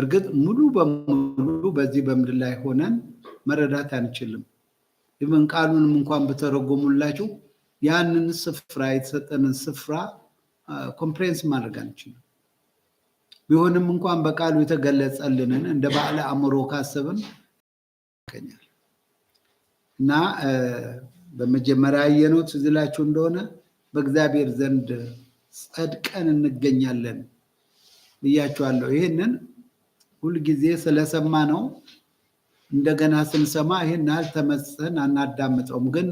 እርግጥ ሙሉ በሙሉ በዚህ በምድር ላይ ሆነን መረዳት አንችልም። ይህን ቃሉንም እንኳን በተረጎሙላችሁ ያንን ስፍራ የተሰጠንን ስፍራ ኮምፕሬንስ ማድረግ አንችልም። ቢሆንም እንኳን በቃሉ የተገለጸልንን እንደ ባለ አእምሮ ካሰብን ይገኛል እና በመጀመሪያ ያየነው ትዝ ይላችሁ እንደሆነ በእግዚአብሔር ዘንድ ጸድቀን እንገኛለን ብያችኋለሁ። ይህንን ሁልጊዜ ስለሰማ ነው። እንደገና ስንሰማ ይህን ያህል ተመስህን አናዳምጠውም፣ ግን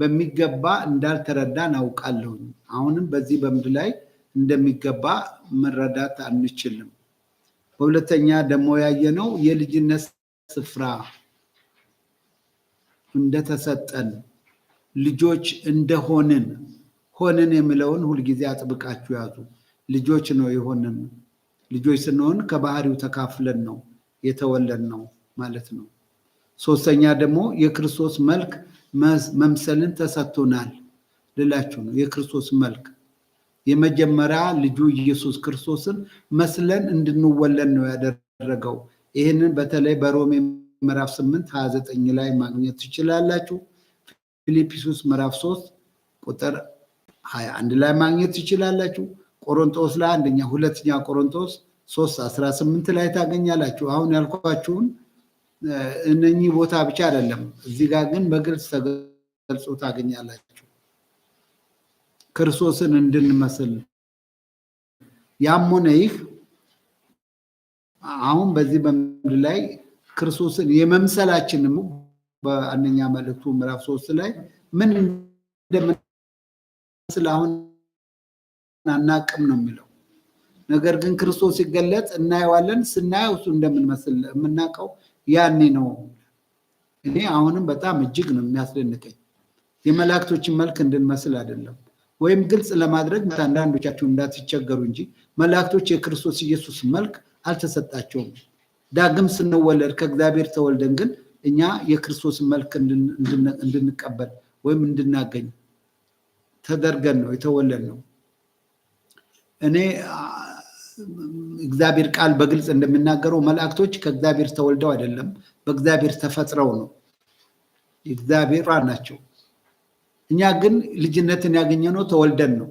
በሚገባ እንዳልተረዳ እናውቃለሁ። አሁንም በዚህ በምድር ላይ እንደሚገባ መረዳት አንችልም። በሁለተኛ ደግሞ ያየነው የልጅነት ስፍራ እንደተሰጠን ልጆች እንደሆንን ሆንን የሚለውን ሁልጊዜ አጥብቃችሁ ያዙ። ልጆች ነው የሆንን ልጆች ስንሆን ከባህሪው ተካፍለን ነው የተወለድ ነው ማለት ነው። ሶስተኛ ደግሞ የክርስቶስ መልክ መምሰልን ተሰጥቶናል ልላችሁ ነው። የክርስቶስ መልክ የመጀመሪያ ልጁ ኢየሱስ ክርስቶስን መስለን እንድንወለድ ነው ያደረገው። ይህንን በተለይ በሮሜ ምዕራፍ 8 29 ላይ ማግኘት ትችላላችሁ። ፊልጵስዩስ ምዕራፍ 3 ቁጥር 21 ላይ ማግኘት ትችላላችሁ። ቆሮንቶስ ላይ አንደኛ ሁለተኛ ቆሮንቶስ ሶስት አስራ ስምንት ላይ ታገኛላችሁ። አሁን ያልኳችሁን እነኚህ ቦታ ብቻ አይደለም፣ እዚህ ጋር ግን በግልጽ ተገልጾ ታገኛላችሁ። ክርስቶስን እንድንመስል ያም ሆነ ይህ አሁን በዚህ በምድር ላይ ክርስቶስን የመምሰላችንም በአንደኛ መልእክቱ ምዕራፍ ሶስት ላይ ምን እንደምንመስል አሁን አናቅም ነው የሚለው። ነገር ግን ክርስቶስ ሲገለጽ እናየዋለን። ስናየው እሱ እንደምንመስል የምናውቀው ያኔ ነው። እኔ አሁንም በጣም እጅግ ነው የሚያስደንቀኝ። የመላእክቶችን መልክ እንድንመስል አይደለም ወይም ግልጽ ለማድረግ አንዳንዶቻችሁ እንዳትቸገሩ እንጂ መላእክቶች የክርስቶስ ኢየሱስ መልክ አልተሰጣቸውም። ዳግም ስንወለድ ከእግዚአብሔር ተወልደን ግን እኛ የክርስቶስን መልክ እንድንቀበል ወይም እንድናገኝ ተደርገን ነው የተወለድ ነው። እኔ እግዚአብሔር ቃል በግልጽ እንደሚናገረው መላእክቶች ከእግዚአብሔር ተወልደው አይደለም፣ በእግዚአብሔር ተፈጥረው ነው። እግዚአብሔር ናቸው። እኛ ግን ልጅነትን ያገኘነው ተወልደን ነው።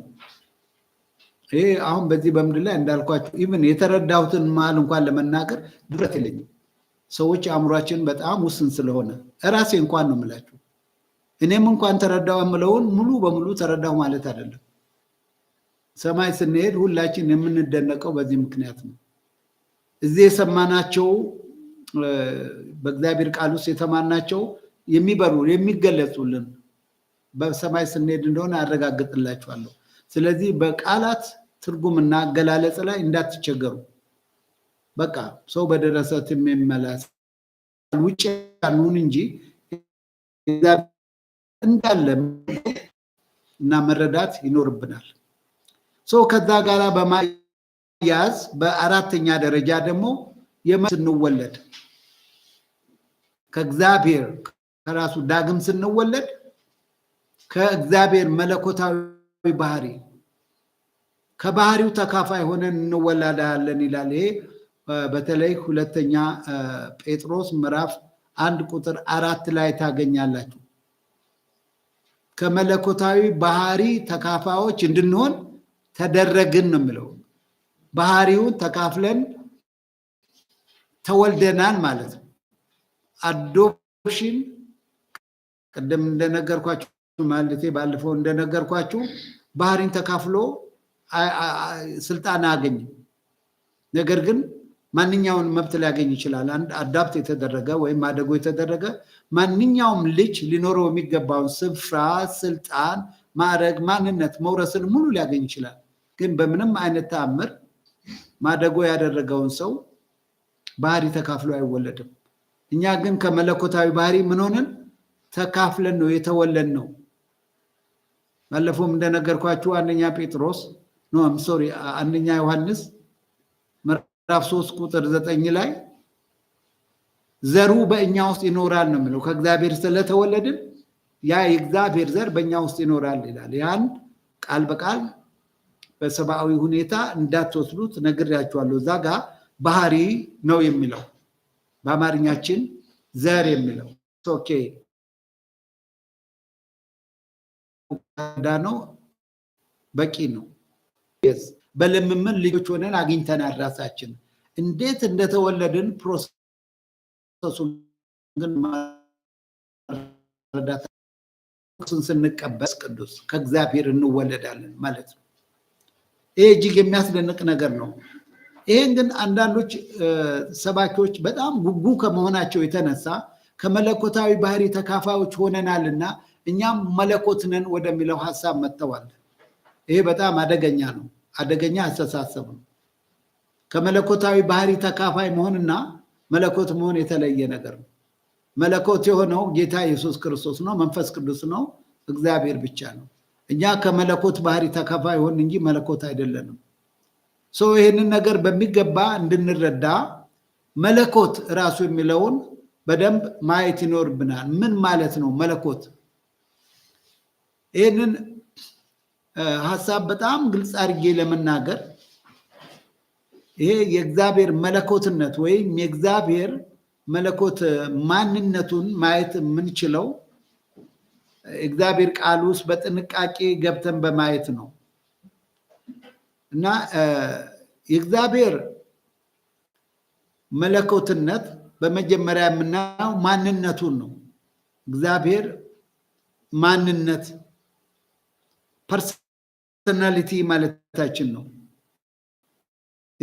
ይሄ አሁን በዚህ በምድር ላይ እንዳልኳቸው ኢቭን የተረዳሁትን መሀል እንኳን ለመናገር ድረት የለኝም። ሰዎች አእምሯችን በጣም ውስን ስለሆነ እራሴ እንኳን ነው የምላችሁ። እኔም እንኳን ተረዳው የምለውን ሙሉ በሙሉ ተረዳሁ ማለት አይደለም። ሰማይ ስንሄድ ሁላችን የምንደነቀው በዚህ ምክንያት ነው። እዚህ የሰማናቸው በእግዚአብሔር ቃል ውስጥ የተማናቸው የሚበሩ የሚገለጹልን በሰማይ ስንሄድ እንደሆነ አረጋግጥላችኋለሁ። ስለዚህ በቃላት ትርጉምና አገላለጽ ላይ እንዳትቸገሩ። በቃ ሰው በደረሰት የሚመላስ ውጭ ያሉን እንጂ እንዳለ እና መረዳት ይኖርብናል። ሰው ከዛ ጋር በማያያዝ በአራተኛ ደረጃ ደግሞ ስንወለድ ከእግዚአብሔር ከራሱ ዳግም ስንወለድ ከእግዚአብሔር መለኮታዊ ባህሪ ከባህሪው ተካፋይ ሆነን እንወለዳለን ይላል። ይሄ በተለይ ሁለተኛ ጴጥሮስ ምዕራፍ አንድ ቁጥር አራት ላይ ታገኛላችሁ። ከመለኮታዊ ባህሪ ተካፋዮች እንድንሆን ተደረግን ነው የሚለው ባህሪውን ተካፍለን ተወልደናል ማለት ነው። አዶፕሽን ቅድም እንደነገርኳችሁ ማለቴ ባለፈው እንደነገርኳችሁ ባህሪን ተካፍሎ ስልጣን አያገኝም። ነገር ግን ማንኛውን መብት ሊያገኝ ይችላል። አንድ አዳፕት የተደረገ ወይም ማደጎ የተደረገ ማንኛውም ልጅ ሊኖረው የሚገባውን ስፍራ፣ ስልጣን፣ ማዕረግ፣ ማንነት መውረስን ሙሉ ሊያገኝ ይችላል። ግን በምንም አይነት ተአምር ማደጎ ያደረገውን ሰው ባህሪ ተካፍሎ አይወለድም። እኛ ግን ከመለኮታዊ ባህሪ ምን ሆንን? ተካፍለን ነው የተወለድ ነው። ባለፈውም እንደነገርኳችሁ አንደኛ ጴጥሮስ ኖ ሶሪ አንደኛ ዮሐንስ ምዕራፍ ሶስት ቁጥር ዘጠኝ ላይ ዘሩ በእኛ ውስጥ ይኖራል ነው የሚለው። ከእግዚአብሔር ስለተወለድን ያ የእግዚአብሔር ዘር በእኛ ውስጥ ይኖራል ይላል። ያን ቃል በቃል በሰብአዊ ሁኔታ እንዳትወስዱት ነግሬያችኋለሁ። እዛ ጋ ባህሪ ነው የሚለው በአማርኛችን ዘር የሚለው ኦኬ ነው በቂ ነው። በልምምን ልጆች ሆነን አግኝተናል ራሳችን እንዴት እንደተወለድን ፕሮሰሱ ስንቀበስ ቅዱስ ከእግዚአብሔር እንወለዳለን ማለት ነው። ይሄ እጅግ የሚያስደንቅ ነገር ነው። ይህን ግን አንዳንዶች ሰባኪዎች በጣም ጉጉ ከመሆናቸው የተነሳ ከመለኮታዊ ባህሪ ተካፋዮች ሆነናልና እኛም መለኮት ነን ወደሚለው ሀሳብ መጥተዋል። ይሄ በጣም አደገኛ ነው፣ አደገኛ አስተሳሰብ ነው። ከመለኮታዊ ባህሪ ተካፋይ መሆንና መለኮት መሆን የተለየ ነገር ነው። መለኮት የሆነው ጌታ ኢየሱስ ክርስቶስ ነው፣ መንፈስ ቅዱስ ነው፣ እግዚአብሔር ብቻ ነው። እኛ ከመለኮት ባህሪ ተካፋይ ሆን እንጂ መለኮት አይደለንም። ሰው ይህንን ነገር በሚገባ እንድንረዳ መለኮት እራሱ የሚለውን በደንብ ማየት ይኖርብናል። ምን ማለት ነው መለኮት? ይህንን ሀሳብ በጣም ግልጽ አድርጌ ለመናገር ይሄ የእግዚአብሔር መለኮትነት ወይም የእግዚአብሔር መለኮት ማንነቱን ማየት የምንችለው እግዚአብሔር ቃል ውስጥ በጥንቃቄ ገብተን በማየት ነው እና የእግዚአብሔር መለኮትነት በመጀመሪያ የምናየው ማንነቱን ነው። እግዚአብሔር ማንነት ፐርሰናሊቲ ማለታችን ነው።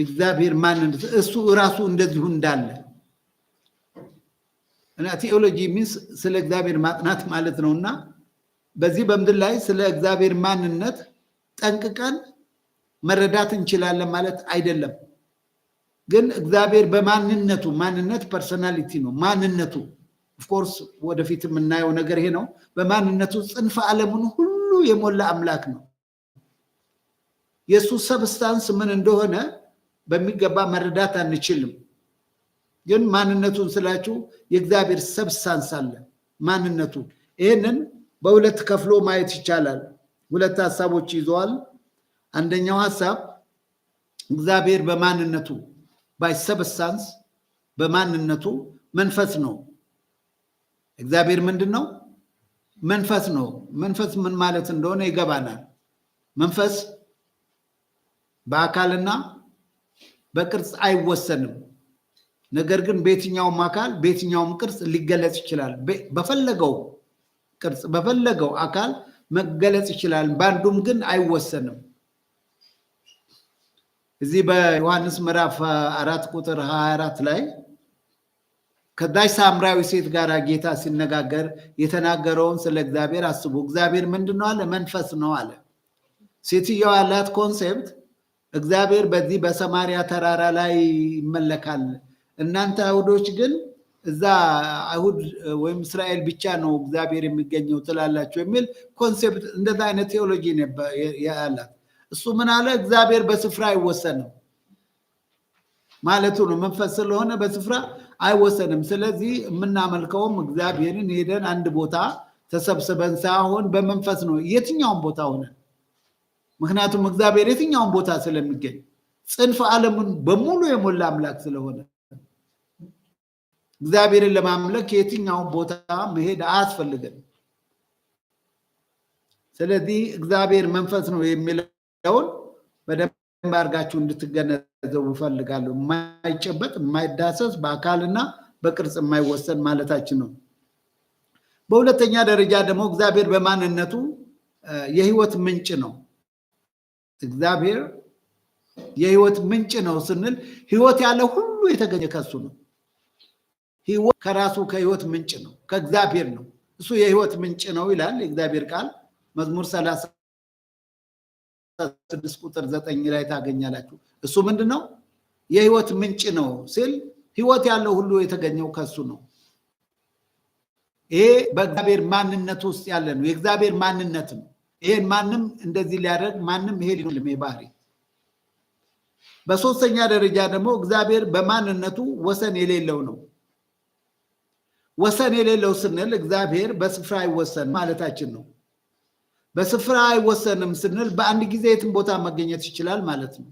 እግዚአብሔር ማንነት እሱ እራሱ እንደዚሁ እንዳለ እና ቴዎሎጂ ሚንስ ስለ እግዚአብሔር ማጥናት ማለት ነው እና በዚህ በምድር ላይ ስለ እግዚአብሔር ማንነት ጠንቅቀን መረዳት እንችላለን ማለት አይደለም። ግን እግዚአብሔር በማንነቱ ማንነት ፐርሶናሊቲ ነው። ማንነቱ ኦፍኮርስ ወደፊት የምናየው ነገር ይሄ ነው። በማንነቱ ጽንፈ ዓለሙን ሁሉ የሞላ አምላክ ነው። የእሱ ሰብስታንስ ምን እንደሆነ በሚገባ መረዳት አንችልም። ግን ማንነቱን ስላችሁ የእግዚአብሔር ሰብስታንስ አለ ማንነቱ ይህንን በሁለት ከፍሎ ማየት ይቻላል። ሁለት ሀሳቦች ይዘዋል። አንደኛው ሀሳብ እግዚአብሔር በማንነቱ ባይ በማንነቱ መንፈስ ነው። እግዚአብሔር ምንድን ነው? መንፈስ ነው። መንፈስ ምን ማለት እንደሆነ ይገባናል። መንፈስ በአካልና በቅርጽ አይወሰንም። ነገር ግን በየትኛውም አካል በየትኛውም ቅርጽ ሊገለጽ ይችላል በፈለገው ቅርጽ በፈለገው አካል መገለጽ ይችላል። በአንዱም ግን አይወሰንም። እዚህ በዮሐንስ ምዕራፍ አራት ቁጥር ሀያ አራት ላይ ከዳች ሳምራዊ ሴት ጋር ጌታ ሲነጋገር የተናገረውን ስለ እግዚአብሔር አስቡ። እግዚአብሔር ምንድን ነው አለ? መንፈስ ነው አለ። ሴትየው ያላት ኮንሴፕት እግዚአብሔር በዚህ በሰማሪያ ተራራ ላይ ይመለካል፣ እናንተ አይሁዶች ግን እዛ አይሁድ ወይም እስራኤል ብቻ ነው እግዚአብሔር የሚገኘው ትላላቸው የሚል ኮንሴፕት እንደዛ አይነት ቴዎሎጂ ያላት እሱ ምን አለ እግዚአብሔር በስፍራ አይወሰንም ማለቱ ነው መንፈስ ስለሆነ በስፍራ አይወሰንም ስለዚህ የምናመልከውም እግዚአብሔርን ሄደን አንድ ቦታ ተሰብስበን ሳይሆን በመንፈስ ነው የትኛውን ቦታ ሆነን ምክንያቱም እግዚአብሔር የትኛውን ቦታ ስለሚገኝ ጽንፍ ዓለምን በሙሉ የሞላ አምላክ ስለሆነ እግዚአብሔርን ለማምለክ የትኛውን ቦታ መሄድ አያስፈልግም። ስለዚህ እግዚአብሔር መንፈስ ነው የሚለውን በደንብ አድርጋችሁ እንድትገነዘቡ እፈልጋለሁ። የማይጨበጥ የማይዳሰስ በአካልና በቅርጽ የማይወሰን ማለታችን ነው። በሁለተኛ ደረጃ ደግሞ እግዚአብሔር በማንነቱ የህይወት ምንጭ ነው። እግዚአብሔር የህይወት ምንጭ ነው ስንል ህይወት ያለ ሁሉ የተገኘ ከሱ ነው። ህይወት ከራሱ ከህይወት ምንጭ ነው፣ ከእግዚአብሔር ነው። እሱ የህይወት ምንጭ ነው ይላል የእግዚአብሔር ቃል መዝሙር ሰላሳ ስድስት ቁጥር ዘጠኝ ላይ ታገኛላችሁ። እሱ ምንድን ነው? የህይወት ምንጭ ነው ሲል ህይወት ያለው ሁሉ የተገኘው ከሱ ነው። ይሄ በእግዚአብሔር ማንነት ውስጥ ያለ ነው። የእግዚአብሔር ማንነት ነው። ይሄን ማንም እንደዚህ ሊያደርግ ማንም ይሄ ሊሆን ባህሪ። በሶስተኛ ደረጃ ደግሞ እግዚአብሔር በማንነቱ ወሰን የሌለው ነው። ወሰን የሌለው ስንል እግዚአብሔር በስፍራ አይወሰን ማለታችን ነው። በስፍራ አይወሰንም ስንል በአንድ ጊዜ የትም ቦታ መገኘት ይችላል ማለት ነው።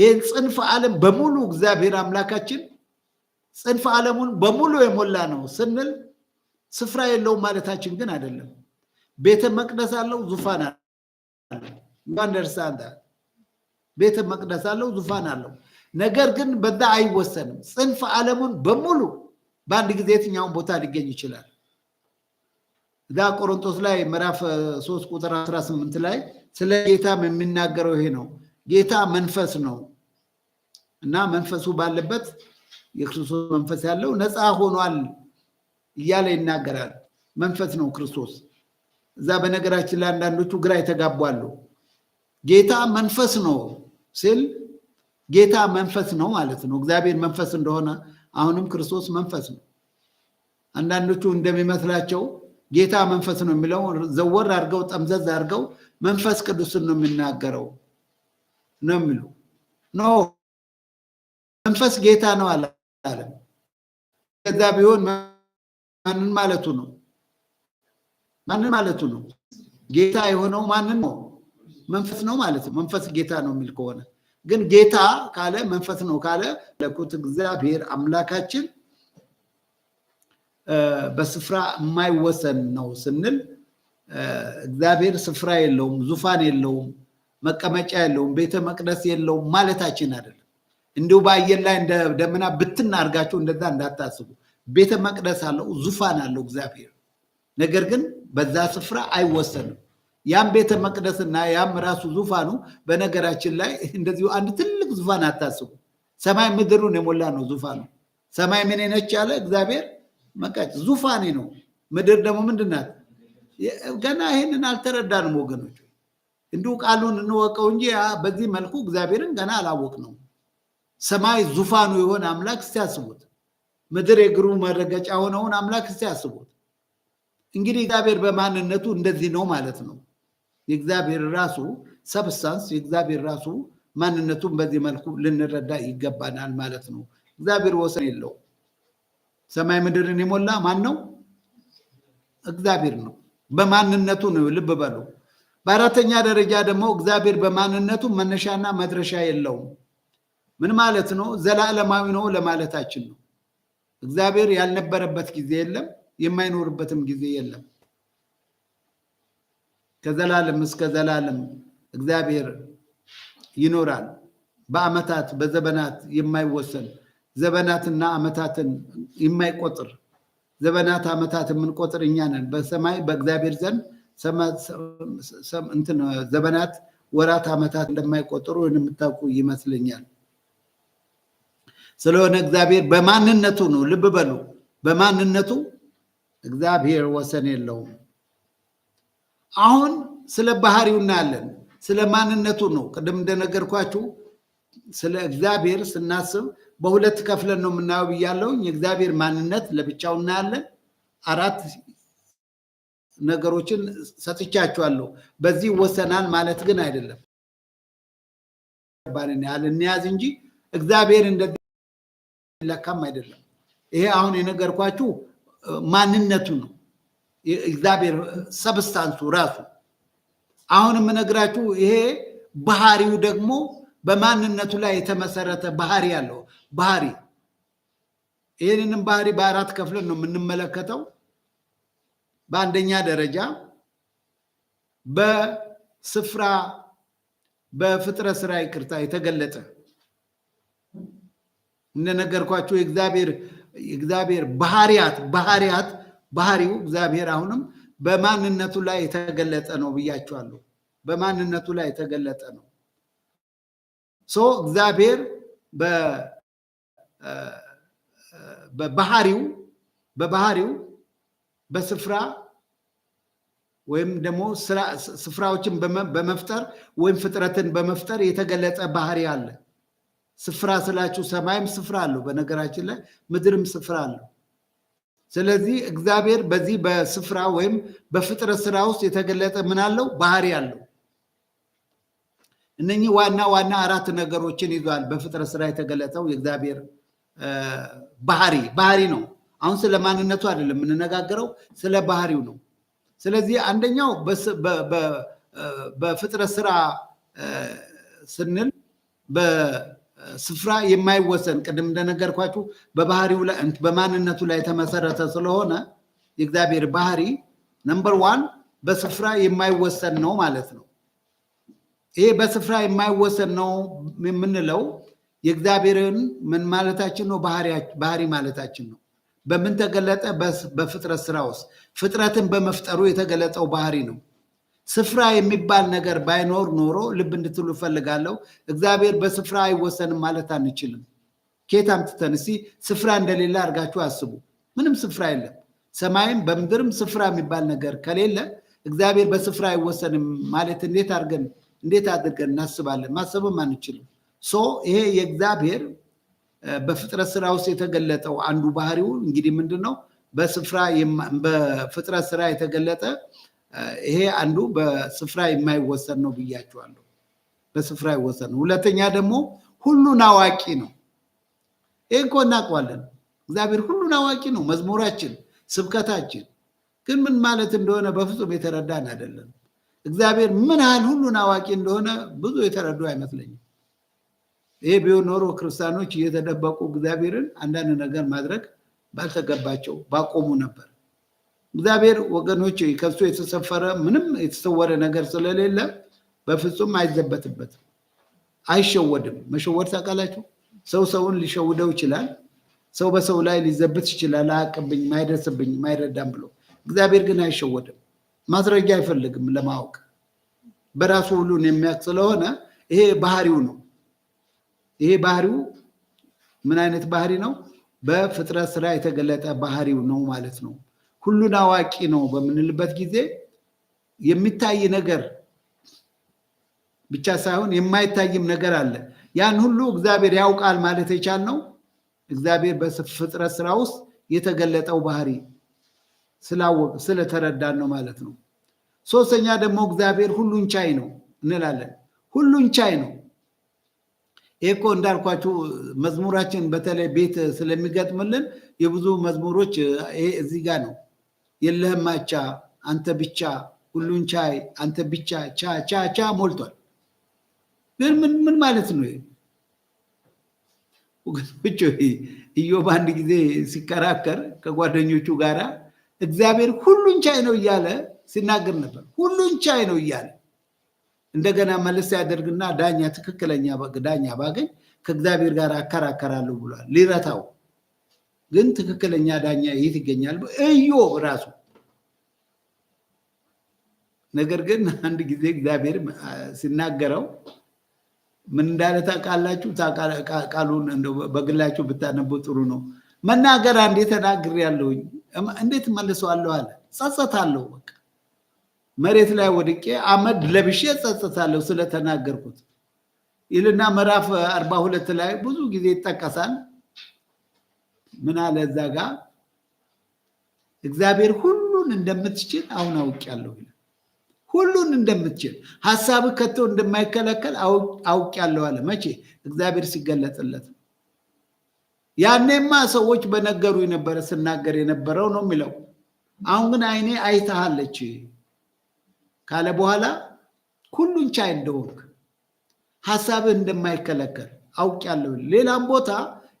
ይህን ጽንፍ ዓለም በሙሉ እግዚአብሔር አምላካችን ጽንፍ ዓለሙን በሙሉ የሞላ ነው ስንል ስፍራ የለውም ማለታችን ግን አይደለም። ቤተ መቅደስ አለው፣ ዙፋን አለው። ቤተ መቅደስ አለው፣ ዙፋን አለው። ነገር ግን በዛ አይወሰንም። ጽንፍ ዓለሙን በሙሉ በአንድ ጊዜ የትኛውን ቦታ ሊገኝ ይችላል። እዛ ቆሮንቶስ ላይ ምዕራፍ ሶስት ቁጥር አስራ ስምንት ላይ ስለ ጌታም የሚናገረው ይሄ ነው። ጌታ መንፈስ ነው እና መንፈሱ ባለበት የክርስቶስ መንፈስ ያለው ነፃ ሆኗል እያለ ይናገራል። መንፈስ ነው ክርስቶስ። እዛ በነገራችን ላይ አንዳንዶቹ ግራ የተጋቧሉ። ጌታ መንፈስ ነው ሲል ጌታ መንፈስ ነው ማለት ነው። እግዚአብሔር መንፈስ እንደሆነ አሁንም ክርስቶስ መንፈስ ነው። አንዳንዶቹ እንደሚመስላቸው ጌታ መንፈስ ነው የሚለው ዘወር አድርገው ጠምዘዝ አድርገው መንፈስ ቅዱስን ነው የሚናገረው ነው የሚሉ ኖ መንፈስ ጌታ ነው አላለም። ከዛ ቢሆን ማንን ማለቱ ነው? ማንን ማለቱ ነው? ጌታ የሆነው ማንን ነው? መንፈስ ነው ማለት ነው። መንፈስ ጌታ ነው የሚል ከሆነ ግን ጌታ ካለ መንፈስ ነው ካለ ለኩት እግዚአብሔር አምላካችን በስፍራ የማይወሰን ነው ስንል እግዚአብሔር ስፍራ የለውም፣ ዙፋን የለውም፣ መቀመጫ የለውም፣ ቤተ መቅደስ የለውም ማለታችን አይደለም። እንዲሁ በአየር ላይ እንደ ደመና ብትና አድርጋችሁ እንደዛ እንዳታስቡ። ቤተ መቅደስ አለው፣ ዙፋን አለው እግዚአብሔር። ነገር ግን በዛ ስፍራ አይወሰንም። ያም ቤተ መቅደስና ያም ራሱ ዙፋኑ በነገራችን ላይ እንደዚሁ አንድ ትልቅ ዙፋን አታስቡ። ሰማይ ምድሩን የሞላ ነው ዙፋኑ። ሰማይ ምን ነች ያለ እግዚአብሔር መቃጭ ዙፋኔ ነው። ምድር ደግሞ ምንድን ናት? ገና ይህንን አልተረዳንም ወገኖች፣ እንዲሁ ቃሉን እንወቀው እንጂ በዚህ መልኩ እግዚአብሔርን ገና አላወቅ ነው። ሰማይ ዙፋኑ የሆነ አምላክ አስቡት። ምድር የእግሩ መረገጫ የሆነውን አምላክ አስቡት። እንግዲህ እግዚአብሔር በማንነቱ እንደዚህ ነው ማለት ነው። የእግዚአብሔር ራሱ ሰብስታንስ የእግዚአብሔር ራሱ ማንነቱን በዚህ መልኩ ልንረዳ ይገባናል ማለት ነው። እግዚአብሔር ወሰን የለው። ሰማይ ምድርን የሞላ ማን ነው? እግዚአብሔር ነው። በማንነቱ ነው። ልብ በሉ። በአራተኛ ደረጃ ደግሞ እግዚአብሔር በማንነቱ መነሻና መድረሻ የለውም። ምን ማለት ነው? ዘላለማዊ ነው ለማለታችን ነው። እግዚአብሔር ያልነበረበት ጊዜ የለም፣ የማይኖርበትም ጊዜ የለም። ከዘላለም እስከ ዘላለም እግዚአብሔር ይኖራል። በአመታት በዘበናት የማይወሰን ዘበናትና አመታትን የማይቆጥር ዘበናት አመታት የምንቆጥር እኛ ነን። በሰማይ በእግዚአብሔር ዘንድ ዘበናት ወራት፣ አመታት እንደማይቆጥሩ የምታውቁ ይመስለኛል። ስለሆነ እግዚአብሔር በማንነቱ ነው። ልብ በሉ፣ በማንነቱ እግዚአብሔር ወሰን የለውም። አሁን ስለ ባህሪው እናያለን። ስለ ማንነቱ ነው። ቅድም እንደነገርኳችሁ ስለ እግዚአብሔር ስናስብ በሁለት ከፍለን ነው የምናየው ብያለሁኝ። የእግዚአብሔር ማንነት ለብቻው እናያለን። አራት ነገሮችን ሰጥቻችኋለሁ። በዚህ ወሰናል ማለት ግን አይደለም። ያህል እንያዝ እንጂ እግዚአብሔር እንደዚህ ለካም አይደለም። ይሄ አሁን የነገርኳችሁ ማንነቱ ነው። እግዚአብሔር ሰብስታንሱ ራሱ አሁን የምነግራችሁ ይሄ ባህሪው ደግሞ በማንነቱ ላይ የተመሰረተ ባህሪ ያለው ባህሪ ይህንንም ባህሪ በአራት ከፍለን ነው የምንመለከተው። በአንደኛ ደረጃ በስፍራ በፍጥረ ስራ ይቅርታ የተገለጠ እንደነገርኳቸው የእግዚአብሔር ባህሪያት ባህሪያት ባህሪው እግዚአብሔር አሁንም በማንነቱ ላይ የተገለጠ ነው ብያችኋለሁ። በማንነቱ ላይ የተገለጠ ነው። ሶ እግዚአብሔር በባህሪው በባህሪው በስፍራ ወይም ደግሞ ስፍራዎችን በመፍጠር ወይም ፍጥረትን በመፍጠር የተገለጠ ባህሪ አለ። ስፍራ ስላችሁ ሰማይም ስፍራ አለው፣ በነገራችን ላይ ምድርም ስፍራ አለው። ስለዚህ እግዚአብሔር በዚህ በስፍራ ወይም በፍጥረት ስራ ውስጥ የተገለጠ ምን አለው? ባህሪ አለው። እነኚህ ዋና ዋና አራት ነገሮችን ይዟል። በፍጥረት ስራ የተገለጠው የእግዚአብሔር ባህሪ ባህሪ ነው። አሁን ስለ ማንነቱ አይደለም የምንነጋገረው፣ ስለ ባህሪው ነው። ስለዚህ አንደኛው በፍጥረት ስራ ስንል ስፍራ የማይወሰን ቅድም እንደነገርኳችሁ በባህሪው በማንነቱ ላይ የተመሰረተ ስለሆነ የእግዚአብሔር ባህሪ ነምበር ዋን በስፍራ የማይወሰን ነው ማለት ነው። ይሄ በስፍራ የማይወሰን ነው የምንለው የእግዚአብሔርን ምን ማለታችን ነው? ባህሪ ማለታችን ነው። በምን ተገለጠ? በፍጥረት ስራ ውስጥ ፍጥረትን በመፍጠሩ የተገለጠው ባህሪ ነው። ስፍራ የሚባል ነገር ባይኖር ኖሮ ልብ እንድትሉ እፈልጋለሁ። እግዚአብሔር በስፍራ አይወሰንም ማለት አንችልም። ኬት አምጥተን እስኪ ስፍራ እንደሌለ አድርጋችሁ አስቡ። ምንም ስፍራ የለም። ሰማይም በምድርም ስፍራ የሚባል ነገር ከሌለ እግዚአብሔር በስፍራ አይወሰንም ማለት እንዴት አድርገን እንዴት አድርገን እናስባለን? ማሰብም አንችልም። ሶ ይሄ የእግዚአብሔር በፍጥረት ስራ ውስጥ የተገለጠው አንዱ ባህሪው እንግዲህ ምንድን ነው? በስፍራ በፍጥረት ስራ የተገለጠ ይሄ አንዱ በስፍራ የማይወሰን ነው ብያቸዋለሁ። በስፍራ ይወሰን ነው። ሁለተኛ ደግሞ ሁሉን አዋቂ ነው። ይህ እኮ እናውቀዋለን። እግዚአብሔር ሁሉን አዋቂ ነው። መዝሙራችን፣ ስብከታችን ግን ምን ማለት እንደሆነ በፍጹም የተረዳን አይደለም። እግዚአብሔር ምን ያህል ሁሉን አዋቂ እንደሆነ ብዙ የተረዱ አይመስለኝም። ይሄ ቢሆን ኖሮ ክርስቲያኖች እየተደበቁ እግዚአብሔርን አንዳንድ ነገር ማድረግ ባልተገባቸው ባቆሙ ነበር። እግዚአብሔር ወገኖች ከሱ የተሰፈረ ምንም የተሰወረ ነገር ስለሌለ በፍጹም አይዘበትበትም፣ አይሸወድም። መሸወድ ታውቃላችሁ? ሰው ሰውን ሊሸውደው ይችላል። ሰው በሰው ላይ ሊዘብት ይችላል። አቅብኝ ማይደርስብኝ፣ ማይረዳም ብሎ እግዚአብሔር ግን አይሸወድም። ማስረጃ አይፈልግም ለማወቅ በራሱ ሁሉን የሚያውቅ ስለሆነ ይሄ ባህሪው ነው። ይሄ ባህሪው ምን አይነት ባህሪ ነው? በፍጥረት ስራ የተገለጠ ባህሪው ነው ማለት ነው። ሁሉን አዋቂ ነው በምንልበት ጊዜ የሚታይ ነገር ብቻ ሳይሆን የማይታይም ነገር አለ። ያን ሁሉ እግዚአብሔር ያውቃል ማለት ነው። እግዚአብሔር በፍጥረት ስራ ውስጥ የተገለጠው ባህሪ ስላወቅ ስለተረዳን ነው ማለት ነው። ሶስተኛ ደግሞ እግዚአብሔር ሁሉን ቻይ ነው እንላለን። ሁሉን ቻይ ነው። ይህ እኮ እንዳልኳችሁ መዝሙራችን በተለይ ቤት ስለሚገጥምልን የብዙ መዝሙሮች እዚህ ጋር ነው። የለህም አቻ አንተ ብቻ ሁሉን ቻይ አንተ ብቻ ቻ ቻ ቻ ሞልቷል። ግን ምን ምን ማለት ነው? ወገኖች ኢዮብ አንድ ጊዜ ሲከራከር ከጓደኞቹ ጋራ እግዚአብሔር ሁሉን ቻይ ነው እያለ ሲናገር ነበር። ሁሉን ቻይ ነው እያለ እንደገና መልስ ያደርግና ዳኛ ትክክለኛ ዳኛ ባገኝ ከእግዚአብሔር ጋር አከራከራለሁ ብሏል ሊረታው ግን ትክክለኛ ዳኛ የት ይገኛል? እዮ ራሱ ነገር ግን አንድ ጊዜ እግዚአብሔር ሲናገረው ምን እንዳለ ታውቃላችሁ? ቃሉን በግላችሁ ብታነቡ ጥሩ ነው። መናገር አንዴ ያለውኝ እንዴት መልሰዋለሁ አለ። ጸጸታለሁ፣ በቃ መሬት ላይ ወድቄ አመድ ለብሼ ጸጸታለሁ ስለተናገርኩት ይልና ምዕራፍ አርባ ሁለት ላይ ብዙ ጊዜ ይጠቀሳል። ምን አለ እዛ ጋ እግዚአብሔር ሁሉን እንደምትችል አሁን አውቄያለሁ ይላል። ሁሉን እንደምትችል ሀሳብ ከቶ እንደማይከለከል አውቄያለሁ አለ። መቼ እግዚአብሔር ሲገለጽለት ያኔማ ሰዎች በነገሩ የነበረ ስናገር የነበረው ነው የሚለው። አሁን ግን አይኔ አይታሃለች ካለ በኋላ ሁሉን ቻይ እንደሆንክ ሀሳብህ እንደማይከለከል አውቄያለሁ። ሌላም ቦታ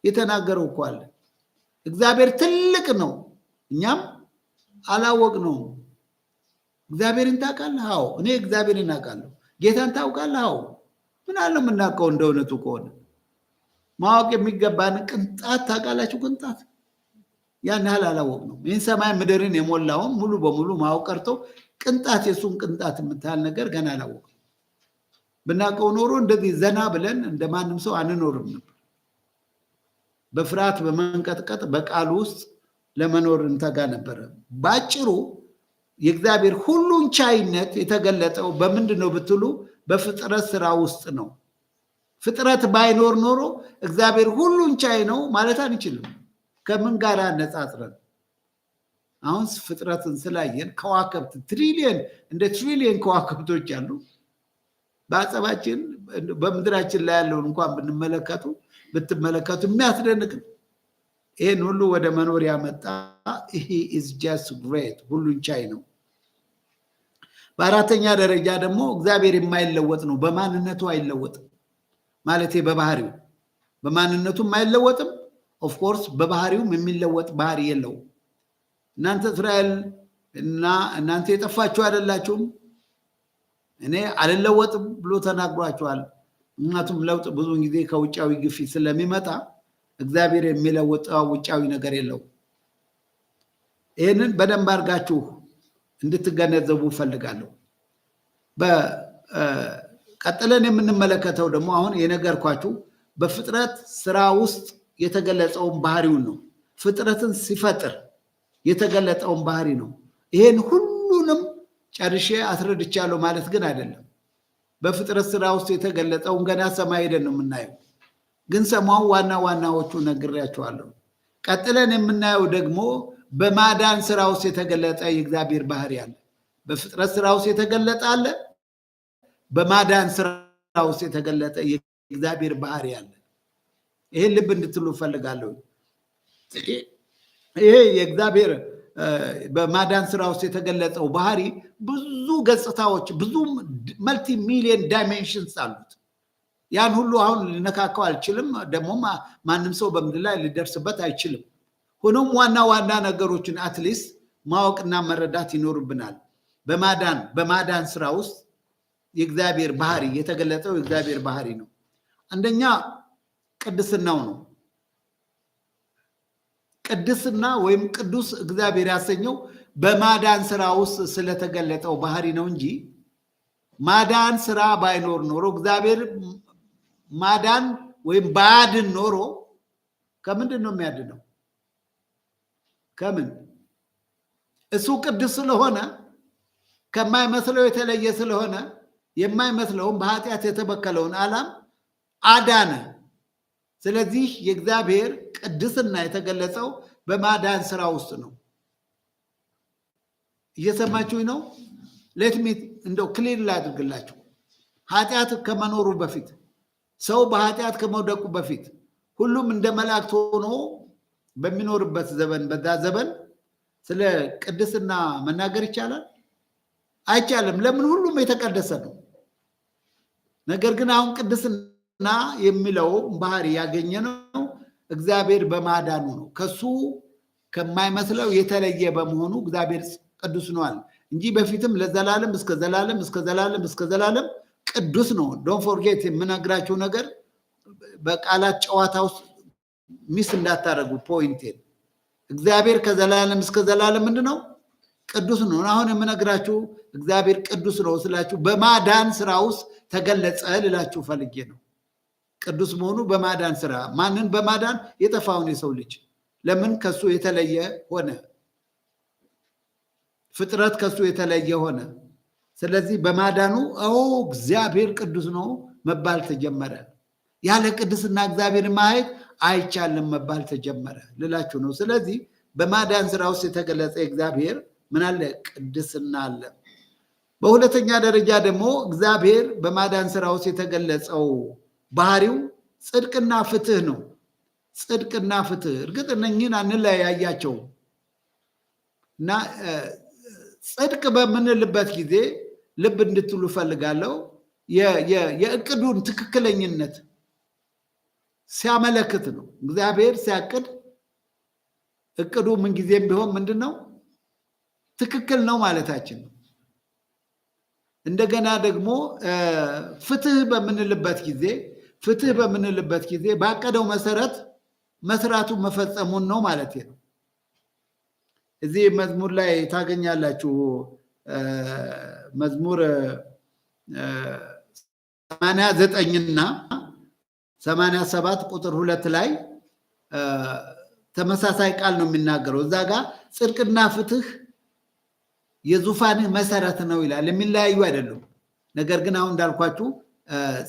የተናገረው እኮ አለ እግዚአብሔር ትልቅ ነው፣ እኛም አላወቅ ነው። እግዚአብሔርን ታውቃለህ? አዎ። እኔ እግዚአብሔርን አውቃለሁ። ጌታን ታውቃለህ? አዎ። ምን አለ የምናውቀው እንደ እውነቱ ከሆነ ማወቅ የሚገባን ቅንጣት ታውቃላችሁ? ቅንጣት ያን ያህል አላወቅ ነው። ይህን ሰማይ ምድርን የሞላውን ሙሉ በሙሉ ማወቅ ቀርቶ ቅንጣት የእሱን ቅንጣት የምታህል ነገር ገና አላወቅ ነው። ብናውቀው ኖሮ እንደዚህ ዘና ብለን እንደ ማንም ሰው አንኖርም ነበር። በፍርሃት በመንቀጥቀጥ በቃሉ ውስጥ ለመኖር እንተጋ ነበረ። ባጭሩ የእግዚአብሔር ሁሉን ቻይነት የተገለጠው በምንድን ነው ብትሉ በፍጥረት ስራ ውስጥ ነው። ፍጥረት ባይኖር ኖሮ እግዚአብሔር ሁሉን ቻይ ነው ማለት አንችልም። ከምን ጋር አነጻጽረን አሁን ፍጥረትን ስላየን ከዋክብት ትሪሊየን እንደ ትሪሊየን ከዋክብቶች አሉ በአጸባችን በምድራችን ላይ ያለውን እንኳን ብንመለከቱ ብትመለከቱ የሚያስደንቅ ነው። ይህን ሁሉ ወደ መኖር ያመጣ ይሄ ኢዝ ጀስት ግሬት ሁሉን ቻይ ነው። በአራተኛ ደረጃ ደግሞ እግዚአብሔር የማይለወጥ ነው። በማንነቱ አይለወጥም ማለት በባህሪው በማንነቱም አይለወጥም። ኦፍኮርስ በባህሪውም የሚለወጥ ባህሪ የለው እናንተ እስራኤል እና እናንተ የጠፋችሁ አይደላችሁም እኔ አልለወጥም ብሎ ተናግሯችኋል። ምክንያቱም ለውጥ ብዙውን ጊዜ ከውጫዊ ግፊት ስለሚመጣ እግዚአብሔር የሚለውጠው ውጫዊ ነገር የለው ይህንን በደንብ አድርጋችሁ እንድትገነዘቡ እፈልጋለሁ። ቀጥለን የምንመለከተው ደግሞ አሁን የነገርኳችሁ በፍጥረት ስራ ውስጥ የተገለጸውን ባህሪውን ነው። ፍጥረትን ሲፈጥር የተገለጠውን ባህሪ ነው። ይሄን ሁሉንም ጨርሼ አስረድቻለሁ ማለት ግን አይደለም። በፍጥረት ስራ ውስጥ የተገለጠውን ገና ሰማይ ሄደን ነው የምናየው። ግን ሰማው ዋና ዋናዎቹ ነግሬያቸዋለሁ። ቀጥለን የምናየው ደግሞ በማዳን ስራ ውስጥ የተገለጠ የእግዚአብሔር ባህሪ አለ። በፍጥረት ስራ ውስጥ የተገለጠ አለ። በማዳን ስራ ውስጥ የተገለጠ የእግዚአብሔር ባህሪ አለ። ይህን ልብ እንድትሉ እፈልጋለሁ። ይሄ የእግዚአብሔር በማዳን ስራ ውስጥ የተገለጸው ባህሪ ብዙ ገጽታዎች ብዙ መልቲ ሚሊየን ዳይሜንሽንስ አሉት። ያን ሁሉ አሁን ልነካከው አልችልም፣ ደግሞ ማንም ሰው በምድር ላይ ሊደርስበት አይችልም። ሆኖም ዋና ዋና ነገሮችን አትሊስት ማወቅና መረዳት ይኖርብናል። በማዳን በማዳን ስራ ውስጥ የእግዚአብሔር ባህሪ የተገለጠው የእግዚአብሔር ባህሪ ነው። አንደኛ ቅድስናው ነው። ቅድስና ወይም ቅዱስ እግዚአብሔር ያሰኘው በማዳን ስራ ውስጥ ስለተገለጠው ባህሪ ነው እንጂ ማዳን ስራ ባይኖር ኖሮ እግዚአብሔር ማዳን ወይም ባያድን ኖሮ ከምንድን ነው የሚያድነው? ከምን? እሱ ቅዱስ ስለሆነ ከማይመስለው የተለየ ስለሆነ የማይመስለውን በኃጢአት የተበከለውን ዓለም አዳነ። ስለዚህ የእግዚአብሔር ቅድስና የተገለጸው በማዳን ስራ ውስጥ ነው። እየሰማችሁ ነው? ሌትሚ እንደው ክሊል ላድርግላችሁ። ኃጢአት ከመኖሩ በፊት ሰው በኃጢአት ከመውደቁ በፊት ሁሉም እንደ መላእክት ሆኖ በሚኖርበት ዘመን በዛ ዘመን ስለ ቅድስና መናገር ይቻላል? አይቻልም። ለምን? ሁሉም የተቀደሰ ነው። ነገር ግን አሁን ቅድስና የሚለው ባህሪ ያገኘ ነው እግዚአብሔር በማዳኑ ነው። ከሱ ከማይመስለው የተለየ በመሆኑ እግዚአብሔር ቅዱስ ነዋል እንጂ በፊትም ለዘላለም እስከ ዘላለም እስከ ዘላለም እስከ ዘላለም ቅዱስ ነው። ዶን ፎርጌት የምነግራቸው ነገር በቃላት ጨዋታ ውስጥ ሚስ እንዳታደረጉ ፖይንቴን። እግዚአብሔር ከዘላለም እስከ ዘላለም ምንድን ነው? ቅዱስ ነው። አሁን የምነግራችሁ እግዚአብሔር ቅዱስ ነው ስላችሁ በማዳን ስራ ውስጥ ተገለጸ ልላችሁ ፈልጌ ነው። ቅዱስ መሆኑ በማዳን ስራ ማንን በማዳን የጠፋውን የሰው ልጅ ለምን ከሱ የተለየ ሆነ ፍጥረት ከሱ የተለየ ሆነ ስለዚህ በማዳኑ አዎ እግዚአብሔር ቅዱስ ነው መባል ተጀመረ ያለ ቅድስና እግዚአብሔር ማየት አይቻልም መባል ተጀመረ ልላችሁ ነው ስለዚህ በማዳን ስራ ውስጥ የተገለጸ እግዚአብሔር ምን አለ ቅድስና አለ በሁለተኛ ደረጃ ደግሞ እግዚአብሔር በማዳን ስራ ውስጥ የተገለጸው ባህሪው ጽድቅና ፍትህ ነው። ጽድቅና ፍትህ እርግጥ እነኝን አንለያያቸው እና ጽድቅ በምንልበት ጊዜ ልብ እንድትሉ እፈልጋለሁ። የእቅዱን ትክክለኝነት ሲያመለክት ነው። እግዚአብሔር ሲያቅድ እቅዱ ምንጊዜም ቢሆን ምንድን ነው? ትክክል ነው ማለታችን ነው። እንደገና ደግሞ ፍትህ በምንልበት ጊዜ ፍትህ በምንልበት ጊዜ ባቀደው መሰረት መስራቱን መፈጸሙን ነው ማለት ነው። እዚህ መዝሙር ላይ ታገኛላችሁ። መዝሙር ሰማንያ ዘጠኝና ሰማንያ ሰባት ቁጥር ሁለት ላይ ተመሳሳይ ቃል ነው የሚናገረው። እዛ ጋር ጽድቅና ፍትህ የዙፋንህ መሰረት ነው ይላል። የሚለያዩ አይደሉም። ነገር ግን አሁን እንዳልኳችሁ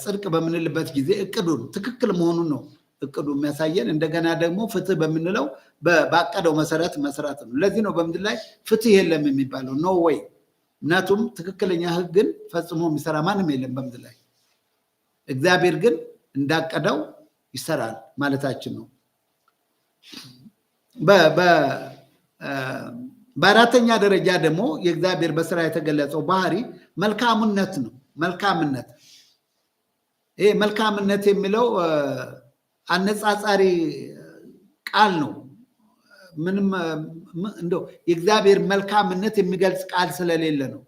ጽድቅ በምንልበት ጊዜ እቅዱን ትክክል መሆኑን ነው እቅዱ የሚያሳየን። እንደገና ደግሞ ፍትህ በምንለው ባቀደው መሰረት መስራት ነው። ለዚህ ነው በምድር ላይ ፍትህ የለም የሚባለው ኖ ወይ። ምክንያቱም ትክክለኛ ህግን ፈጽሞ የሚሰራ ማንም የለም በምድር ላይ። እግዚአብሔር ግን እንዳቀደው ይሰራል ማለታችን ነው። በአራተኛ ደረጃ ደግሞ የእግዚአብሔር በስራ የተገለጸው ባህሪ መልካምነት ነው። መልካምነት ይህ መልካምነት የሚለው አነጻጻሪ ቃል ነው። ምንም እንደው የእግዚአብሔር መልካምነት የሚገልጽ ቃል ስለሌለ ነው።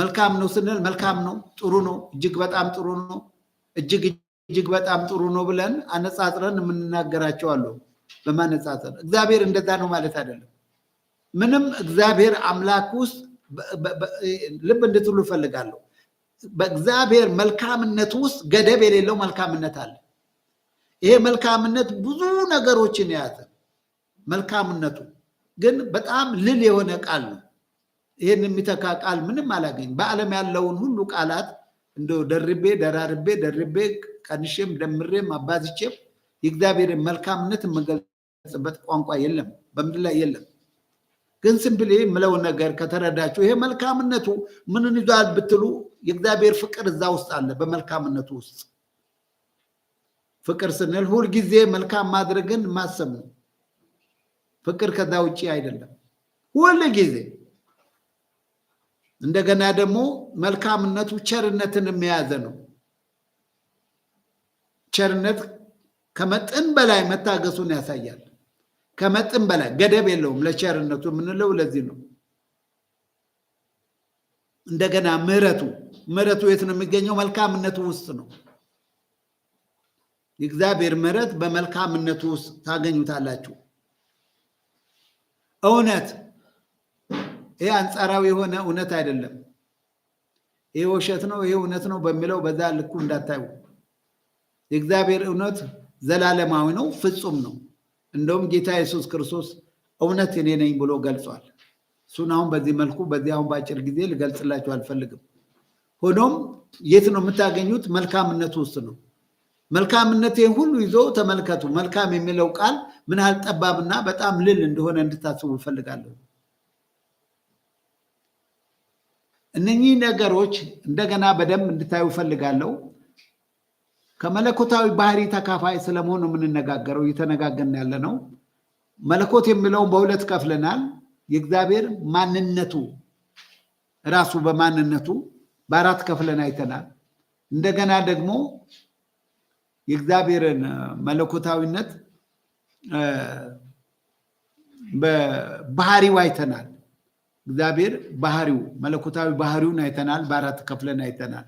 መልካም ነው ስንል መልካም ነው፣ ጥሩ ነው፣ እጅግ በጣም ጥሩ ነው፣ እጅግ እጅግ በጣም ጥሩ ነው ብለን አነጻጽረን የምንናገራቸው አሉ። በማነጻጸር እግዚአብሔር እንደዛ ነው ማለት አይደለም። ምንም እግዚአብሔር አምላክ ውስጥ ልብ እንድትሉ እፈልጋለሁ። በእግዚአብሔር መልካምነት ውስጥ ገደብ የሌለው መልካምነት አለ። ይሄ መልካምነት ብዙ ነገሮችን የያዘ መልካምነቱ ግን በጣም ልል የሆነ ቃል ነው። ይህን የሚተካ ቃል ምንም አላገኝ። በዓለም ያለውን ሁሉ ቃላት እንደ ደርቤ ደራርቤ ደርቤ ቀንሼም ደምሬም አባዝቼም የእግዚአብሔርን መልካምነት የምንገልጽበት ቋንቋ የለም፣ በምድር ላይ የለም። ግን ዝም ብዬ የምለውን ነገር ከተረዳችሁ ይሄ መልካምነቱ ምንን ይዟል ብትሉ የእግዚአብሔር ፍቅር እዛ ውስጥ አለ። በመልካምነቱ ውስጥ ፍቅር ስንል ሁልጊዜ መልካም ማድረግን ማሰብ ነው። ፍቅር ከዛ ውጭ አይደለም። ሁል ጊዜ እንደገና ደግሞ መልካምነቱ ቸርነትን የያዘ ነው። ቸርነት ከመጠን በላይ መታገሱን ያሳያል። ከመጥን በላይ ገደብ የለውም። ለቸርነቱ የምንለው ለዚህ ነው። እንደገና ምሕረቱ ምሕረቱ የት ነው የሚገኘው? መልካምነቱ ውስጥ ነው። የእግዚአብሔር ምሕረት በመልካምነቱ ውስጥ ታገኙታላችሁ። እውነት ይህ አንጻራዊ የሆነ እውነት አይደለም። ይህ ውሸት ነው፣ ይህ እውነት ነው በሚለው በዛ ልኩ እንዳታዩ። የእግዚአብሔር እውነት ዘላለማዊ ነው፣ ፍጹም ነው። እንደውም ጌታ ኢየሱስ ክርስቶስ እውነት እኔ ነኝ ብሎ ገልጿል። እሱን አሁን በዚህ መልኩ በዚህ አሁን በአጭር ጊዜ ልገልጽላቸው አልፈልግም። ሆኖም የት ነው የምታገኙት? መልካምነቱ ውስጥ ነው። መልካምነቴን ሁሉ ይዞ ተመልከቱ። መልካም የሚለው ቃል ምን ያህል ጠባብና በጣም ልል እንደሆነ እንድታስቡ እፈልጋለሁ። እነኚህ ነገሮች እንደገና በደንብ እንድታዩ እፈልጋለሁ። ከመለኮታዊ ባህሪ ተካፋይ ስለመሆኑ የምንነጋገረው እየተነጋገርን ያለ ነው። መለኮት የሚለውን በሁለት ከፍለናል። የእግዚአብሔር ማንነቱ ራሱ በማንነቱ በአራት ከፍለን አይተናል። እንደገና ደግሞ የእግዚአብሔርን መለኮታዊነት በባህሪው አይተናል። እግዚአብሔር ባህሪው መለኮታዊ ባህሪውን አይተናል፣ በአራት ከፍለን አይተናል።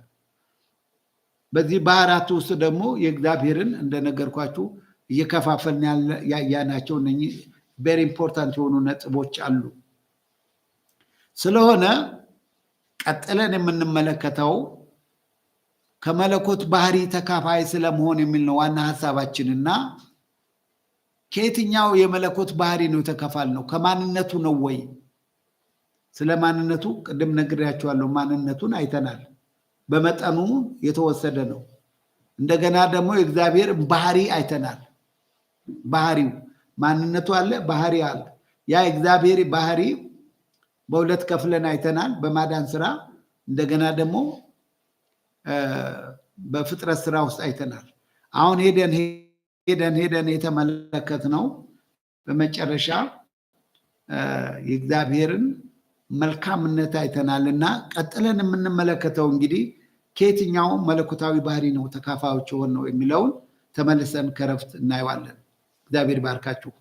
በዚህ ባህራት ውስጥ ደግሞ የእግዚአብሔርን እንደነገርኳችሁ እየከፋፈልን ያያናቸው እነ ቬሪ ኢምፖርታንት የሆኑ ነጥቦች አሉ። ስለሆነ ቀጥለን የምንመለከተው ከመለኮት ባህሪ ተካፋይ ስለመሆን የሚል ነው ዋና ሀሳባችን እና ከየትኛው የመለኮት ባህሪ ነው የተከፋል ነው? ከማንነቱ ነው ወይ? ስለ ማንነቱ ቅድም ነግሬያቸዋለሁ። ማንነቱን አይተናል። በመጠኑ የተወሰደ ነው። እንደገና ደግሞ የእግዚአብሔር ባህሪ አይተናል። ባህሪው ማንነቱ አለ፣ ባህሪ አለ። ያ የእግዚአብሔር ባህሪ በሁለት ከፍለን አይተናል። በማዳን ስራ እንደገና ደግሞ በፍጥረት ስራ ውስጥ አይተናል። አሁን ሄደን ሄደን ሄደን የተመለከት ነው። በመጨረሻ የእግዚአብሔርን መልካምነት አይተናል እና ቀጥለን የምንመለከተው እንግዲህ ከየትኛው መለኮታዊ ባህሪ ነው ተካፋዮች ሆን ነው የሚለውን ተመልሰን ከረፍት እናየዋለን። እግዚአብሔር ባርካችሁ።